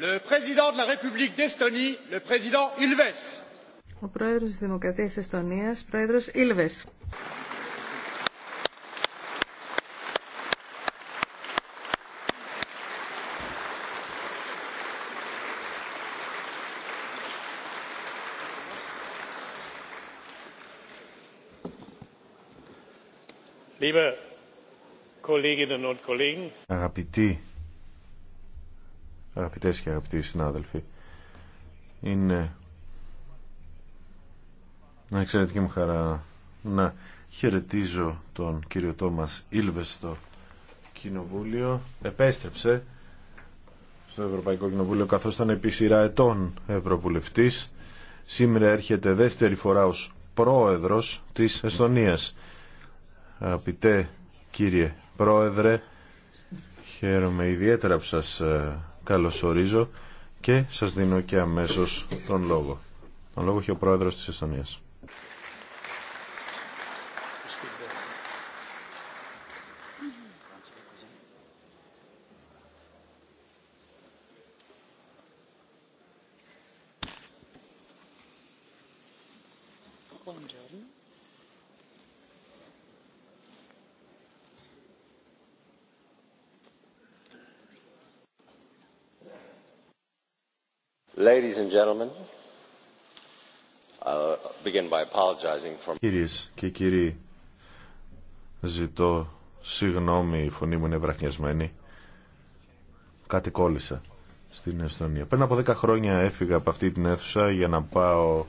Le président de la République d'Estonie, le président Ilves. Ο πρόεδρος της Δημοκρατίας της Εστονίας, πρόεδρος Ήλβες. Liebe Kolleginnen und Kollegen, αγαπητοί Αγαπητές και αγαπητοί συνάδελφοι, είναι να εξαιρετική μου χαρά να χαιρετίζω τον κύριο Τόμας Ήλβες στο Κοινοβούλιο. Επέστρεψε στο Ευρωπαϊκό Κοινοβούλιο καθώς ήταν επί σειρά ετών Ευρωβουλευτής. Σήμερα έρχεται δεύτερη φορά ως πρόεδρος της Εστονίας. Αγαπητέ κύριε πρόεδρε, χαίρομαι ιδιαίτερα που σας ε, καλωσορίζω και σας δίνω και αμέσως τον λόγο. Τον λόγο έχει ο πρόεδρος της Εστονίας. Κυρίες και κύριοι, ζητώ συγγνώμη, η φωνή μου είναι βραχνιασμένη. Κάτι κόλλησα στην Εστονία. Πριν από 10 χρόνια έφυγα από αυτή την αίθουσα για να πάω